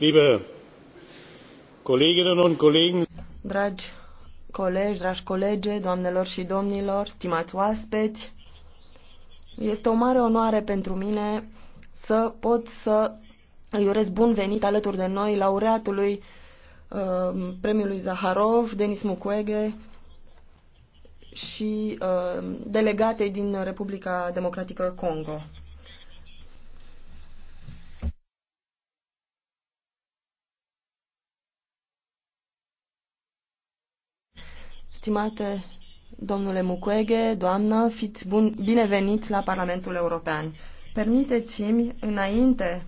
Liebe Kolleginnen und Kollegen, dragi colegi, dragi colege, doamnelor și domnilor, stimați oaspeți, este o mare onoare pentru mine să pot să îi urez bun venit alături de noi laureatului uh, premiului Zaharov, Denis Mukwege, și uh, delegate din Republica Democratică Congo. Stimate domnule Mukwege, doamnă, fiți bun, bineveniți la Parlamentul European. Permiteți-mi, înainte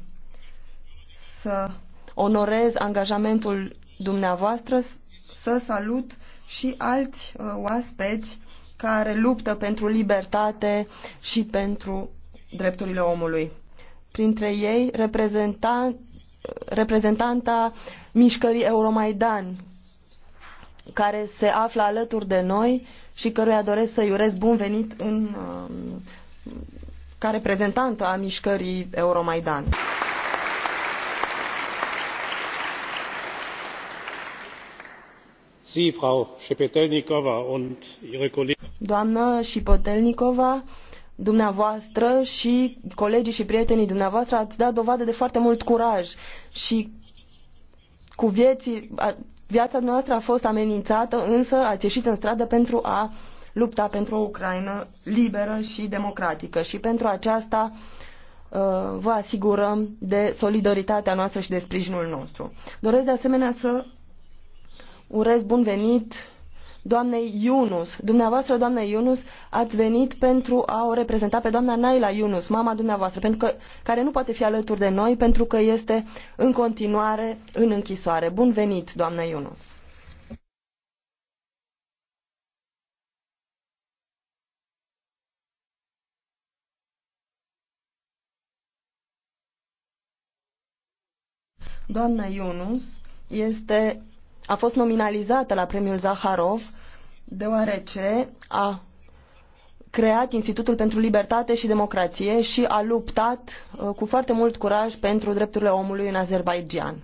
să onorez angajamentul dumneavoastră, să salut și alți uh, oaspeți care luptă pentru libertate și pentru drepturile omului. Printre ei, reprezentant, reprezentanta mișcării Euromaidan, care se află alături de noi și căruia doresc să-i urez bun venit în, um, ca reprezentantă a mișcării Euromaidan. Sie, Frau und Ihre Kollegen. Doamnă Shepetelnikova, dumneavoastră și colegii și prietenii dumneavoastră ați dat dovadă de foarte mult curaj și cu vieții, Viața noastră a fost amenințată, însă ați ieșit în stradă pentru a lupta pentru o Ucraina liberă și democratică și pentru aceasta uh, vă asigurăm de solidaritatea noastră și de sprijinul nostru. Doresc de asemenea să urez bun venit doamnei Yunus. Dumneavoastră, doamna Yunus, ați venit pentru a o reprezenta pe doamna Naila Yunus, mama dumneavoastră, pentru că, care nu poate fi alături de noi pentru că este în continuare în închisoare. Bun venit, doamna Yunus! Doamna Yunus este, a fost nominalizată la premiul Zaharov deoarece a creat Institutul pentru Libertate și Democrație și a luptat uh, cu foarte mult curaj pentru drepturile omului în Azerbaidjan.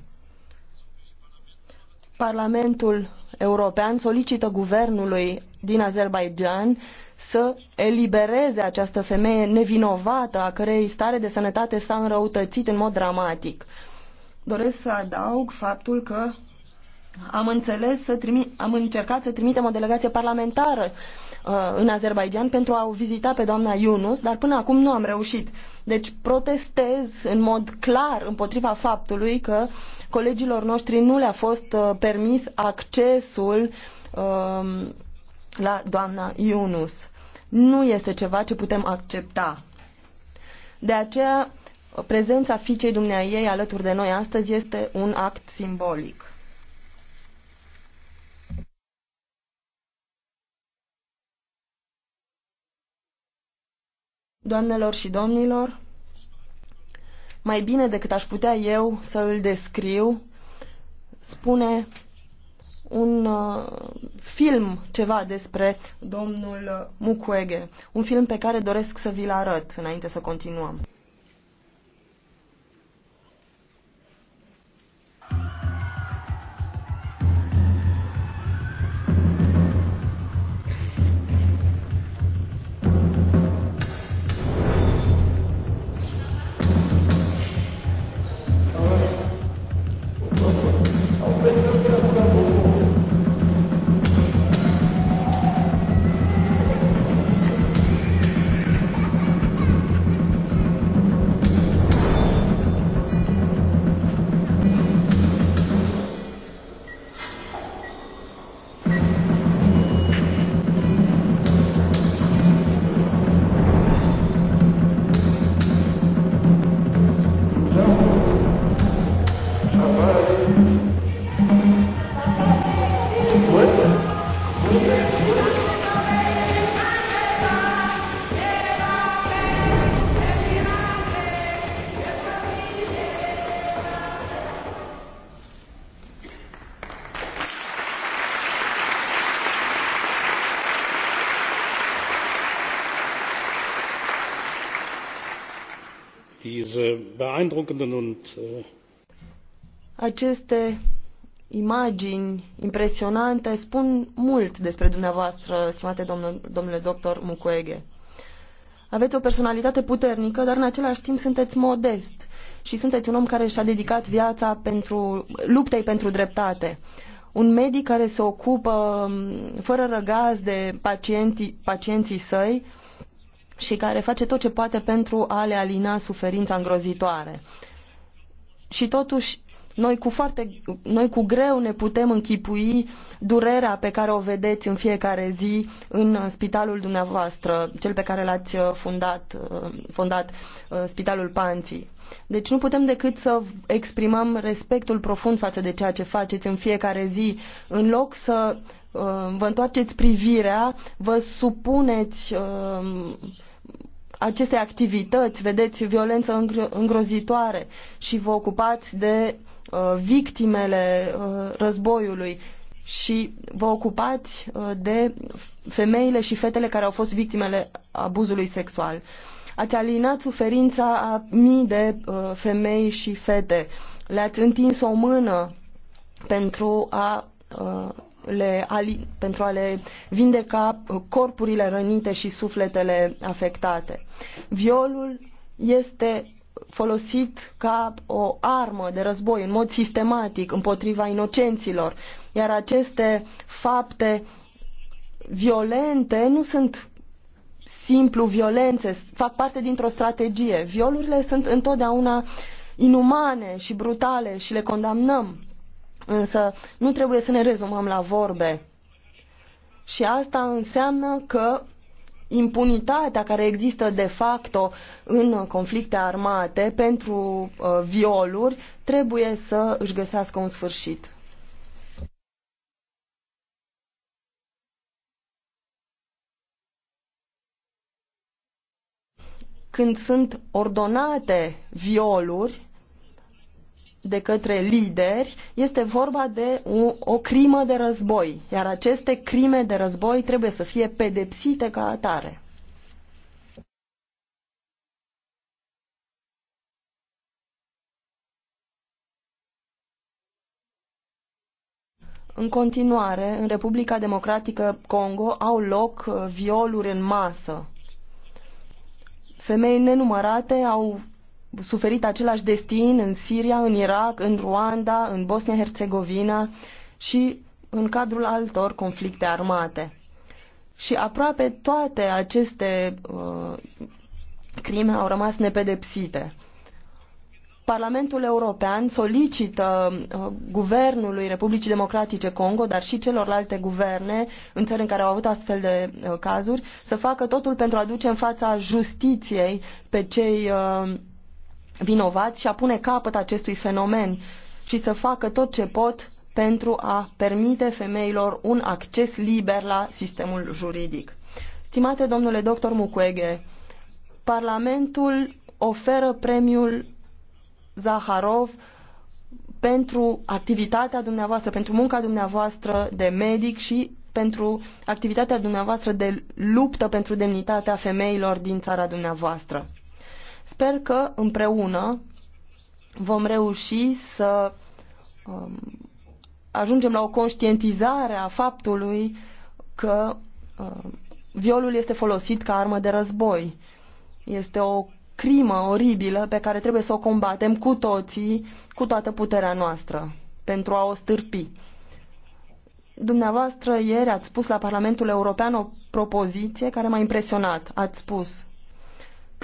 Parlamentul European solicită guvernului din Azerbaidjan să elibereze această femeie nevinovată a cărei stare de sănătate s-a înrăutățit în mod dramatic. Doresc să adaug faptul că am înțeles să trimi, am încercat să trimitem o delegație parlamentară uh, în Azerbaijan pentru a o vizita pe doamna Yunus, dar până acum nu am reușit. Deci protestez în mod clar împotriva faptului că colegilor noștri nu le-a fost uh, permis accesul uh, la doamna Yunus. Nu este ceva ce putem accepta. De aceea, prezența fiicei ei alături de noi astăzi este un act simbolic. Doamnelor și domnilor, mai bine decât aș putea eu să îl descriu, spune un uh, film ceva despre domnul Mukwege, un film pe care doresc să vi-l arăt înainte să continuăm. Äh, aceste imagini impresionante spun mult despre dumneavoastră, stimate domnul, domnule doctor Mukwege. Aveți o personalitate puternică, dar în același timp sunteți modest și sunteți un om care și-a dedicat viața pentru luptei pentru dreptate. Un medic care se ocupă mm, fără răgaz de pacienții, pacienții săi, și care face tot ce poate pentru a le alina suferința îngrozitoare. Și totuși, noi cu, foarte, noi cu greu ne putem închipui durerea pe care o vedeți în fiecare zi în spitalul dumneavoastră, cel pe care l-ați uh, fundat, uh, fondat, uh, Spitalul Panții. Deci nu putem decât să exprimăm respectul profund față de ceea ce faceți în fiecare zi. În loc să vă întoarceți privirea, vă supuneți aceste activități, vedeți, violență îngro îngrozitoare și vă ocupați de uh, victimele uh, războiului și vă ocupați uh, de femeile și fetele care au fost victimele abuzului sexual. Ați alinat suferința a mii de uh, femei și fete. Le-ați întins o mână pentru a uh, le, pentru a le vindeca corpurile rănite și sufletele afectate. Violul este folosit ca o armă de război în mod sistematic împotriva inocenților, iar aceste fapte violente nu sunt simplu violențe, fac parte dintr-o strategie. Violurile sunt întotdeauna inumane și brutale și le condamnăm. Însă nu trebuie să ne rezumăm la vorbe. Și asta înseamnă că impunitatea care există de facto în conflicte armate pentru uh, violuri trebuie să își găsească un sfârșit. Când sunt ordonate violuri, de către lideri, este vorba de o, o crimă de război, iar aceste crime de război trebuie să fie pedepsite ca atare. În continuare, în Republica Democratică Congo au loc uh, violuri în masă. Femei nenumărate au suferit același destin în Siria, în Irak, în Ruanda, în Bosnia-Herzegovina și în cadrul altor conflicte armate. Și aproape toate aceste uh, crime au rămas nepedepsite. Parlamentul European solicită uh, guvernului Republicii Democratice Congo, dar și celorlalte guverne în țări în care au avut astfel de uh, cazuri, să facă totul pentru a duce în fața justiției pe cei uh, vinovați și a pune capăt acestui fenomen și să facă tot ce pot pentru a permite femeilor un acces liber la sistemul juridic. Stimate domnule doctor Mukwege, Parlamentul oferă premiul Zaharov pentru activitatea dumneavoastră, pentru munca dumneavoastră de medic și pentru activitatea dumneavoastră de luptă pentru demnitatea femeilor din țara dumneavoastră. Sper că împreună vom reuși să um, ajungem la o conștientizare a faptului că um, violul este folosit ca armă de război. Este o crimă oribilă pe care trebuie să o combatem cu toții, cu toată puterea noastră, pentru a o stârpi. Dumneavoastră ieri ați spus la Parlamentul European o propoziție care m-a impresionat. Ați spus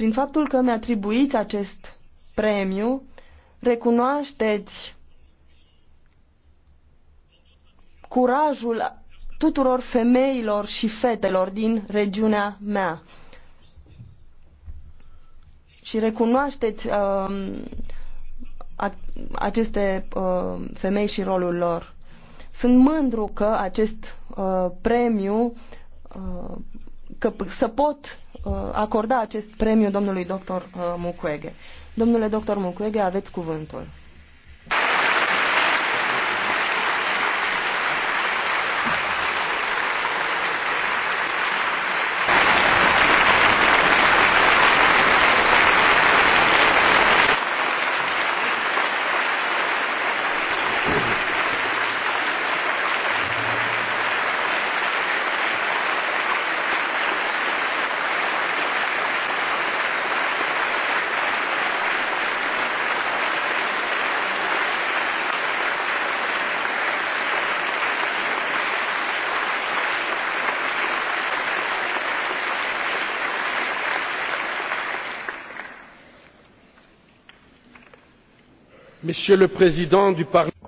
prin faptul că mi-atribuiți acest premiu, recunoașteți curajul tuturor femeilor și fetelor din regiunea mea. Și recunoașteți uh, aceste uh, femei și rolul lor. Sunt mândru că acest uh, premiu, uh, că să pot Uh, acorda acest premiu domnului doctor uh, Mukwege. Domnule doctor Mukwege, aveți cuvântul.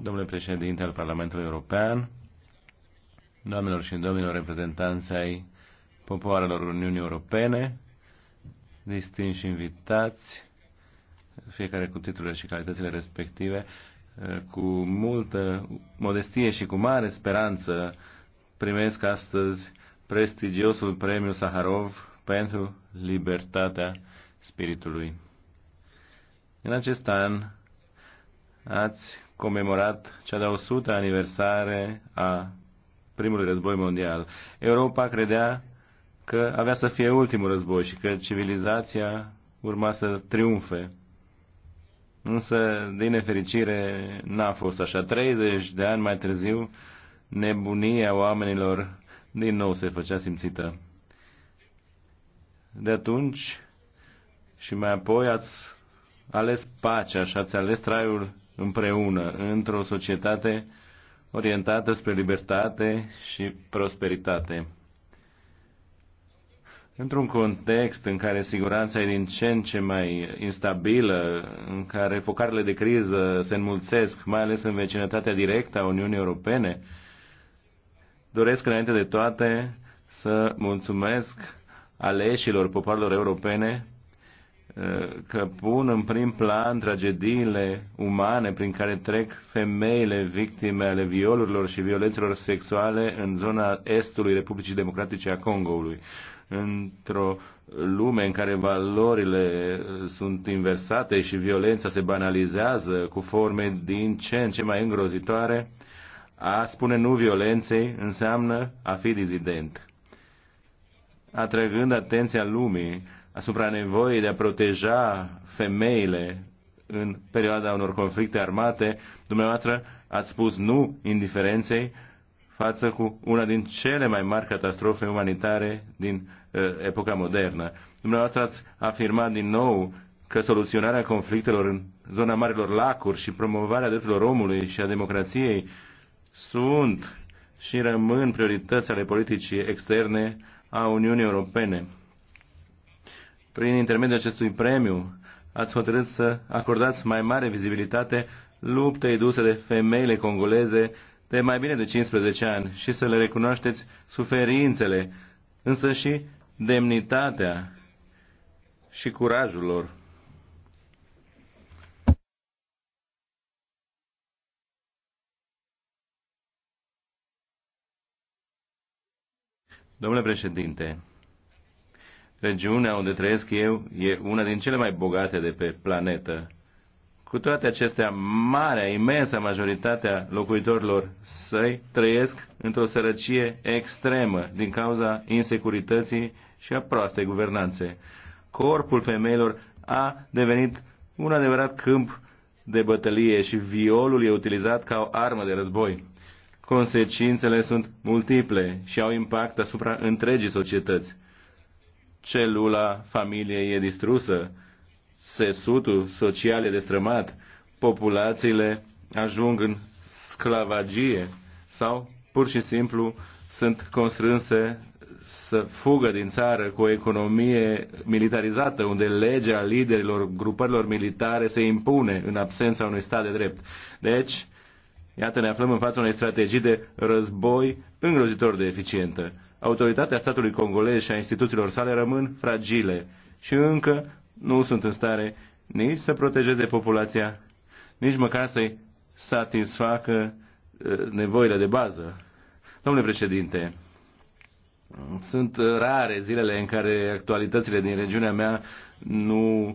Domnule președinte al Parlamentului European, doamnelor și domnilor reprezentanți ai popoarelor Uniunii Europene, distinși invitați, fiecare cu titlurile și calitățile respective, cu multă modestie și cu mare speranță primesc astăzi prestigiosul premiu Saharov pentru libertatea spiritului. În acest an, ați comemorat cea de-a 100 aniversare a primului război mondial. Europa credea că avea să fie ultimul război și că civilizația urma să triumfe. Însă, din nefericire, n-a fost așa. 30 de ani mai târziu, nebunia oamenilor din nou se făcea simțită. De atunci și mai apoi ați ales pacea și ați ales traiul împreună într-o societate orientată spre libertate și prosperitate. Într-un context în care siguranța e din ce în ce mai instabilă, în care focarele de criză se înmulțesc, mai ales în vecinătatea directă a Uniunii Europene, doresc înainte de toate să mulțumesc aleșilor popoarelor europene că pun în prim plan tragediile umane prin care trec femeile victime ale violurilor și violențelor sexuale în zona estului Republicii Democratice a Congoului. Într-o lume în care valorile sunt inversate și violența se banalizează cu forme din ce în ce mai îngrozitoare, a spune nu violenței înseamnă a fi dizident, atrăgând atenția lumii asupra nevoii de a proteja femeile în perioada unor conflicte armate, dumneavoastră ați spus nu indiferenței față cu una din cele mai mari catastrofe umanitare din uh, epoca modernă. Dumneavoastră ați afirmat din nou că soluționarea conflictelor în zona Marilor Lacuri și promovarea drepturilor omului și a democrației sunt și rămân priorități ale politicii externe a Uniunii Europene prin intermediul acestui premiu, ați hotărât să acordați mai mare vizibilitate luptei duse de femeile congoleze de mai bine de 15 ani și să le recunoașteți suferințele, însă și demnitatea și curajul lor. Domnule președinte, regiunea unde trăiesc eu e una din cele mai bogate de pe planetă. Cu toate acestea, marea, imensa majoritatea locuitorilor săi trăiesc într-o sărăcie extremă din cauza insecurității și a proastei guvernanțe. Corpul femeilor a devenit un adevărat câmp de bătălie și violul e utilizat ca o armă de război. Consecințele sunt multiple și au impact asupra întregii societăți celula familiei e distrusă, sesutul social e destrămat, populațiile ajung în sclavagie sau pur și simplu sunt constrânse să fugă din țară cu o economie militarizată, unde legea liderilor grupărilor militare se impune în absența unui stat de drept. Deci, iată, ne aflăm în fața unei strategii de război îngrozitor de eficientă autoritatea statului congolez și a instituțiilor sale rămân fragile și încă nu sunt în stare nici să protejeze populația, nici măcar să-i satisfacă eh, nevoile de bază. Domnule președinte, sunt eh, rare zilele în care actualitățile din regiunea mea nu uh,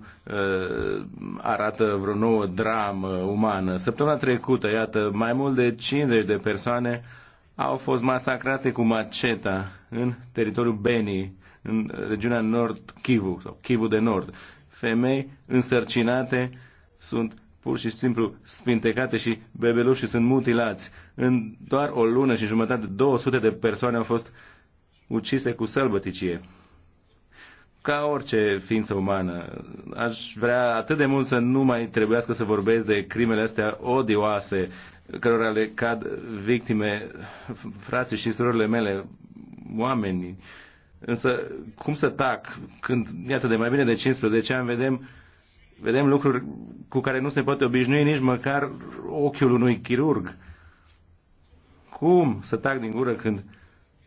arată vreo nouă dramă umană. Săptămâna trecută, iată, mai mult de 50 de persoane uh, au fost masacrate cu maceta în teritoriul Beni, în regiunea Nord Kivu sau Kivu de Nord. Femei însărcinate sunt pur și simplu spintecate și bebelușii sunt mutilați. În doar o lună și jumătate, 200 de persoane au fost ucise cu sălbăticie. Ca orice ființă umană, aș vrea atât de mult să nu mai trebuiască să vorbesc de crimele astea odioase cărora le cad victime frații și surorile mele, oamenii. Însă, cum să tac când, iată, de mai bine de 15 ani vedem, vedem lucruri cu care nu se poate obișnui nici măcar ochiul unui chirurg? Cum să tac din gură când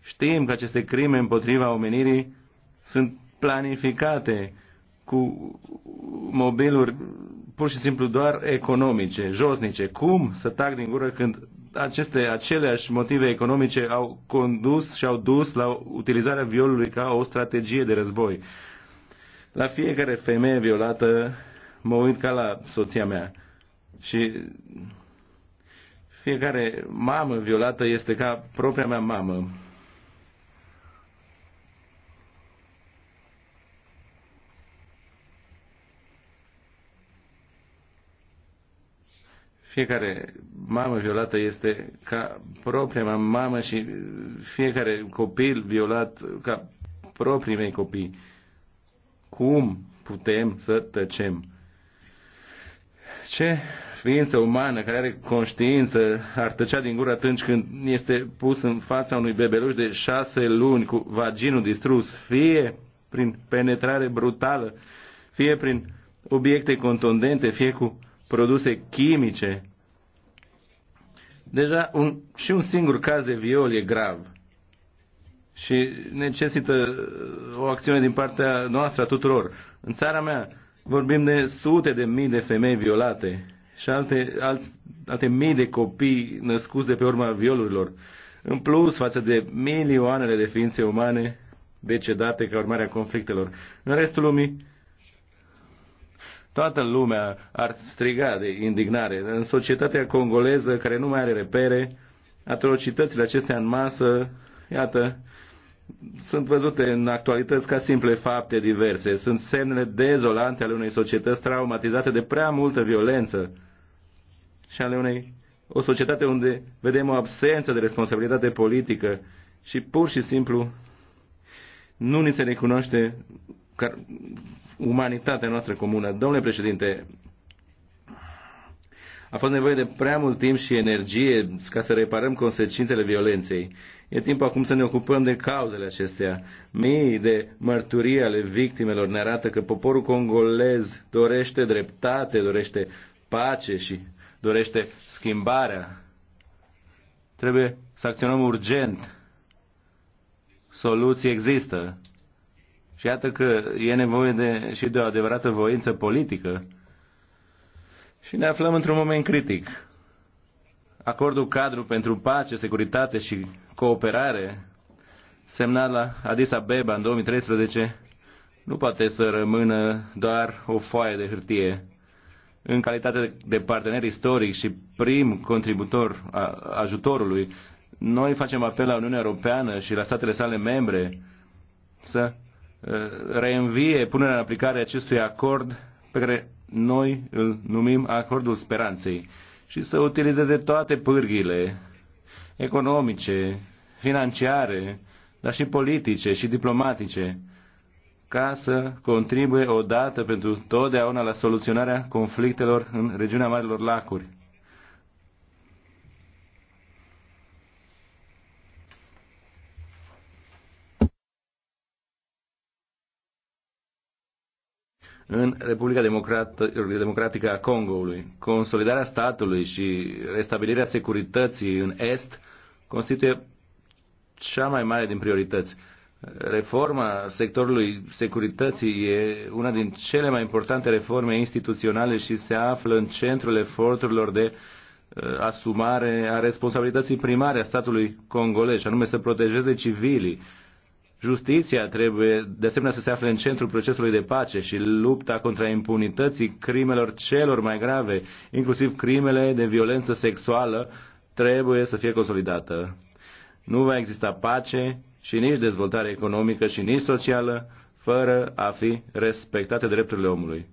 știm că aceste crime împotriva omenirii sunt planificate, cu mobiluri pur și simplu doar economice, josnice. Cum să tac din gură când aceste aceleași motive economice au condus și au dus la utilizarea violului ca o strategie de război? La fiecare femeie violată mă uit ca la soția mea și fiecare mamă violată este ca propria mea mamă. Fiecare mamă violată este ca propria mamă și fiecare copil violat ca proprii mei copii. Cum putem să tăcem? Ce ființă umană care are conștiință ar tăcea din gură atunci când este pus în fața unui bebeluș de șase luni cu vaginul distrus, fie prin penetrare brutală, fie prin obiecte contundente, fie cu produse chimice. Deja un, și un singur caz de viol e grav și necesită uh, o acțiune din partea noastră a tuturor. În țara mea vorbim de sute de mii de femei violate și alte, alți, alte mii de copii născuți de pe urma violurilor. În plus, față de milioanele de ființe umane decedate ca urmare a conflictelor. În restul lumii, Toată lumea ar striga de indignare. În societatea congoleză, care nu mai are repere, atrocitățile acestea în masă, iată, sunt văzute în actualități ca simple fapte diverse. Sunt semnele dezolante ale unei societăți traumatizate de prea multă violență și ale unei o societate unde vedem o absență de responsabilitate politică și pur și simplu nu ni se recunoaște umanitatea noastră comună. Domnule președinte, a fost nevoie de prea mult timp și energie ca să reparăm consecințele violenței. E timp acum să ne ocupăm de cauzele acestea. Mii de mărturii ale victimelor ne arată că poporul congolez dorește dreptate, dorește pace și dorește schimbarea. Trebuie să acționăm urgent. Soluții există. Și iată că e nevoie de, și de o adevărată voință politică. Și ne aflăm într-un moment critic. Acordul cadru pentru pace, securitate și cooperare, semnat la Addis Abeba în 2013, nu poate să rămână doar o foaie de hârtie. În calitate de partener istoric și prim contributor a ajutorului, noi facem apel la Uniunea Europeană și la statele sale membre să Uh, reînvie punerea în aplicare acestui acord pe care noi îl numim Acordul Speranței și să utilizeze toate pârghile economice, financiare, dar și politice și diplomatice ca să contribuie odată pentru totdeauna la soluționarea conflictelor în regiunea Marilor Lacuri. în Republica Democratică a Congoului. Consolidarea statului și restabilirea securității în Est constituie cea mai mare din priorități. Reforma sectorului securității e una din cele mai importante reforme instituționale și se află în centrul eforturilor de uh, asumare a responsabilității primare a statului congolez, anume să protejeze civilii, Justiția trebuie de asemenea să se afle în centrul procesului de pace și lupta contra impunității crimelor celor mai grave, inclusiv crimele de violență sexuală, trebuie să fie consolidată. Nu va exista pace și nici dezvoltare economică și nici socială fără a fi respectate drepturile omului.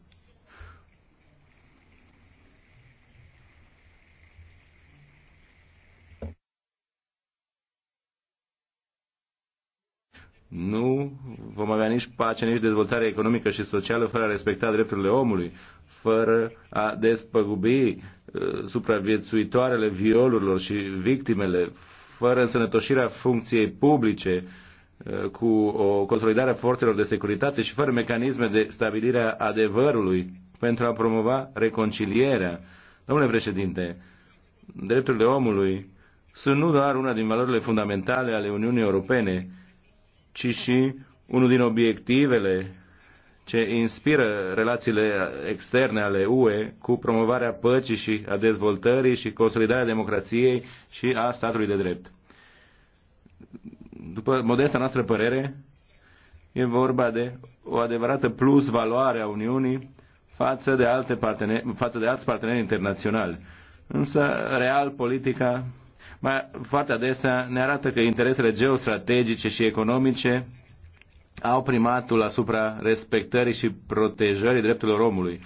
Nu vom avea nici pace, nici dezvoltare economică și socială fără a respecta drepturile omului, fără a despăgubi uh, supraviețuitoarele violurilor și victimele, fără însănătoșirea funcției publice, uh, cu o consolidare a forțelor de securitate și fără mecanisme de stabilire a adevărului pentru a promova reconcilierea. Domnule președinte, drepturile omului sunt nu doar una din valorile fundamentale ale Uniunii Europene, ci și unul din obiectivele ce inspiră relațiile externe ale UE cu promovarea păcii și a dezvoltării și consolidarea democrației și a statului de drept. După modesta noastră părere, e vorba de o adevărată plus valoare a Uniunii față de, alte parteneri, față de alți parteneri internaționali. Însă, real, politica mai foarte adesea ne arată că interesele geostrategice și economice au primatul asupra respectării și protejării drepturilor omului.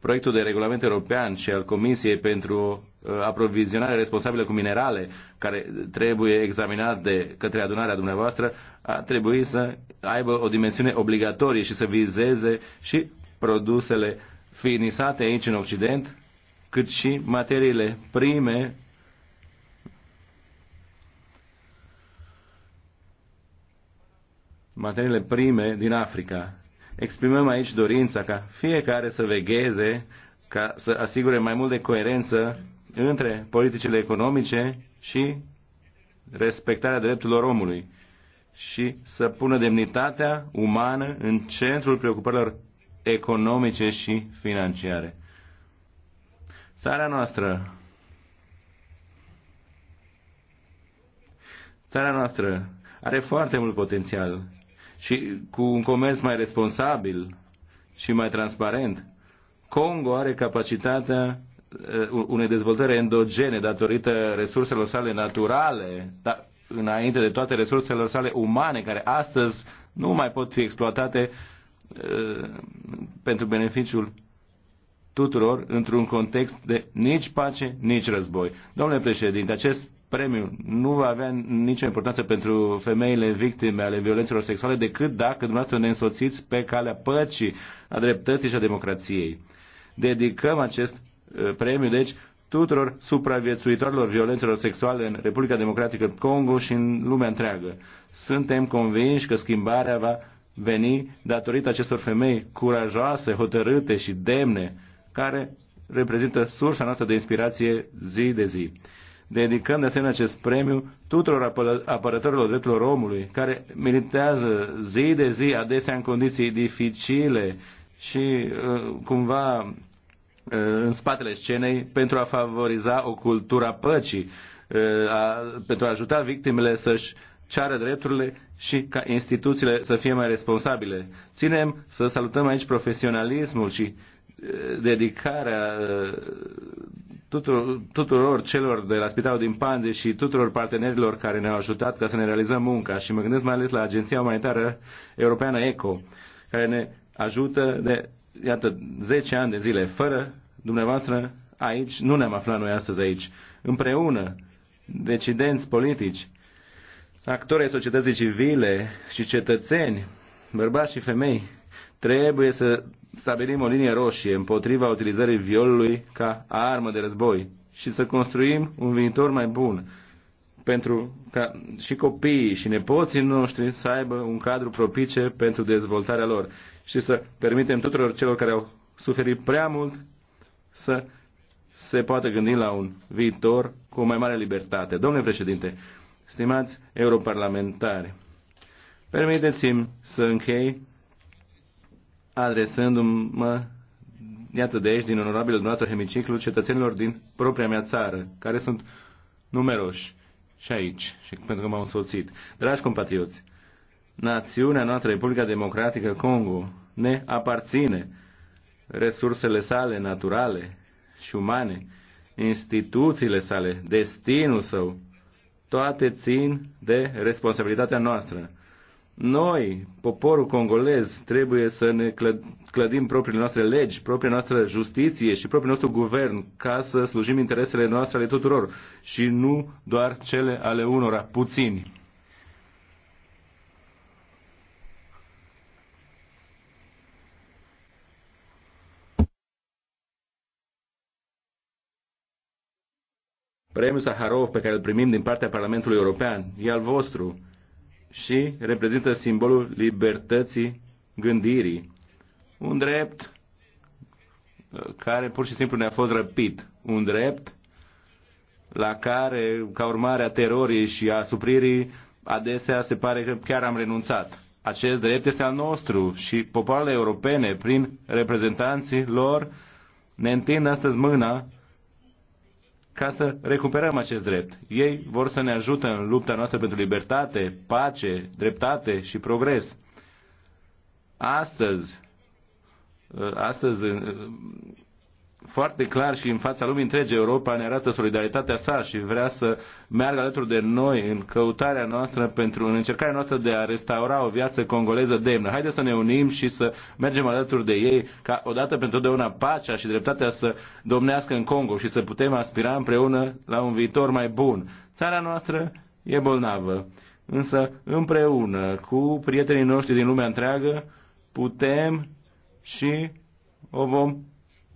Proiectul de regulament european și al Comisiei pentru uh, aprovizionare responsabilă cu minerale, care trebuie examinat de către adunarea dumneavoastră, a trebuit să aibă o dimensiune obligatorie și să vizeze și produsele finisate aici în Occident, cât și materiile prime materiile prime din Africa. Exprimăm aici dorința ca fiecare să vegheze ca să asigure mai mult de coerență între politicile economice și respectarea drepturilor omului și să pună demnitatea umană în centrul preocupărilor economice și financiare. Țara noastră Țara noastră are foarte mult potențial și cu un comerț mai responsabil și mai transparent. Congo are capacitatea uh, unei dezvoltări endogene datorită resurselor sale naturale, dar înainte de toate resurselor sale umane, care astăzi nu mai pot fi exploatate uh, pentru beneficiul tuturor într-un context de nici pace, nici război. Domnule președinte, acest premiul nu va avea nicio importanță pentru femeile victime ale violențelor sexuale decât dacă dumneavoastră ne însoțiți pe calea păcii, a dreptății și a democrației. Dedicăm acest uh, premiu, deci, tuturor supraviețuitorilor violențelor sexuale în Republica Democratică Congo și în lumea întreagă. Suntem convinși că schimbarea va veni datorită acestor femei curajoase, hotărâte și demne, care reprezintă sursa noastră de inspirație zi de zi. Dedicăm de asemenea acest premiu tuturor apărătorilor drepturilor omului, care militează zi de zi, adesea în condiții dificile și uh, cumva uh, în spatele scenei pentru a favoriza o cultură a păcii, uh, a, pentru a ajuta victimele să-și ceară drepturile și ca instituțiile să fie mai responsabile. Ținem să salutăm aici profesionalismul și dedicarea tuturor, tuturor celor de la Spitalul din Panzi și tuturor partenerilor care ne-au ajutat ca să ne realizăm munca și mă gândesc mai ales la Agenția Umanitară Europeană ECO, care ne ajută de, iată, 10 ani de zile. Fără dumneavoastră aici, nu ne-am aflat noi astăzi aici. Împreună, decidenți politici, actori ai societății civile și cetățeni, bărbați și femei, trebuie să stabilim o linie roșie împotriva utilizării violului ca armă de război și să construim un viitor mai bun pentru ca și copiii și nepoții noștri să aibă un cadru propice pentru dezvoltarea lor și să permitem tuturor celor care au suferit prea mult să se poată gândi la un viitor cu o mai mare libertate. Domnule președinte, stimați europarlamentari, permiteți-mi să închei adresându-mă, iată de aici, din onorabilul dumneavoastră hemiciclu, cetățenilor din propria mea țară, care sunt numeroși și aici, și pentru că m-au însoțit. Dragi compatrioți, națiunea noastră, Republica Democratică Congo, ne aparține. Resursele sale naturale și umane, instituțiile sale, destinul său, toate țin de responsabilitatea noastră. Noi, poporul congolez, trebuie să ne clădim propriile noastre legi, propria noastră justiție și propriul nostru guvern ca să slujim interesele noastre ale tuturor și nu doar cele ale unora puțini. Premiul Saharov pe care îl primim din partea Parlamentului European e al vostru și reprezintă simbolul libertății gândirii. Un drept uh, care pur și simplu ne-a fost răpit. Un drept la care, ca urmare a terorii și a supririi, adesea se pare că chiar am renunțat. Acest drept este al nostru și popoarele europene, prin reprezentanții lor, ne întind astăzi mâna ca să recuperăm acest drept. Ei vor să ne ajute în lupta noastră pentru libertate, pace, dreptate și progres. Astăzi, uh, astăzi uh, foarte clar și în fața lumii întregi Europa ne arată solidaritatea sa și vrea să meargă alături de noi în căutarea noastră pentru în încercarea noastră de a restaura o viață congoleză demnă. Haideți să ne unim și să mergem alături de ei ca odată pentru totdeauna pacea și dreptatea să domnească în Congo și să putem aspira împreună la un viitor mai bun. Țara noastră e bolnavă, însă împreună cu prietenii noștri din lumea întreagă putem și o vom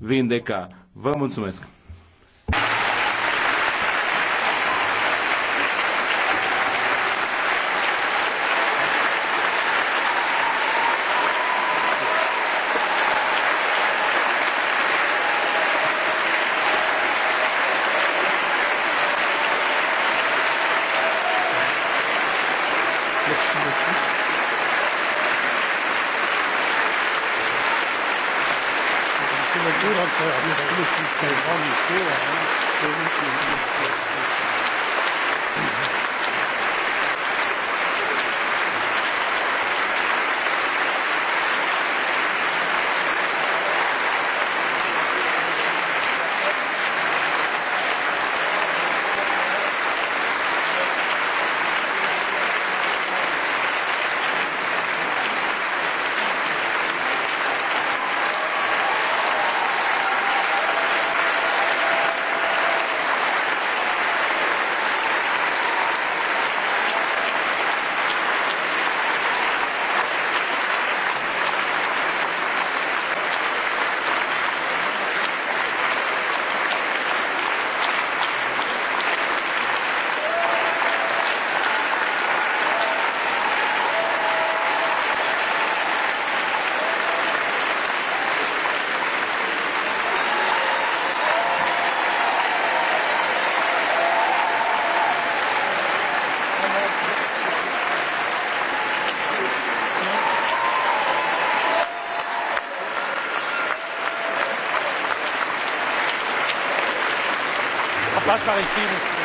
vindeca. Vă mulțumesc! das war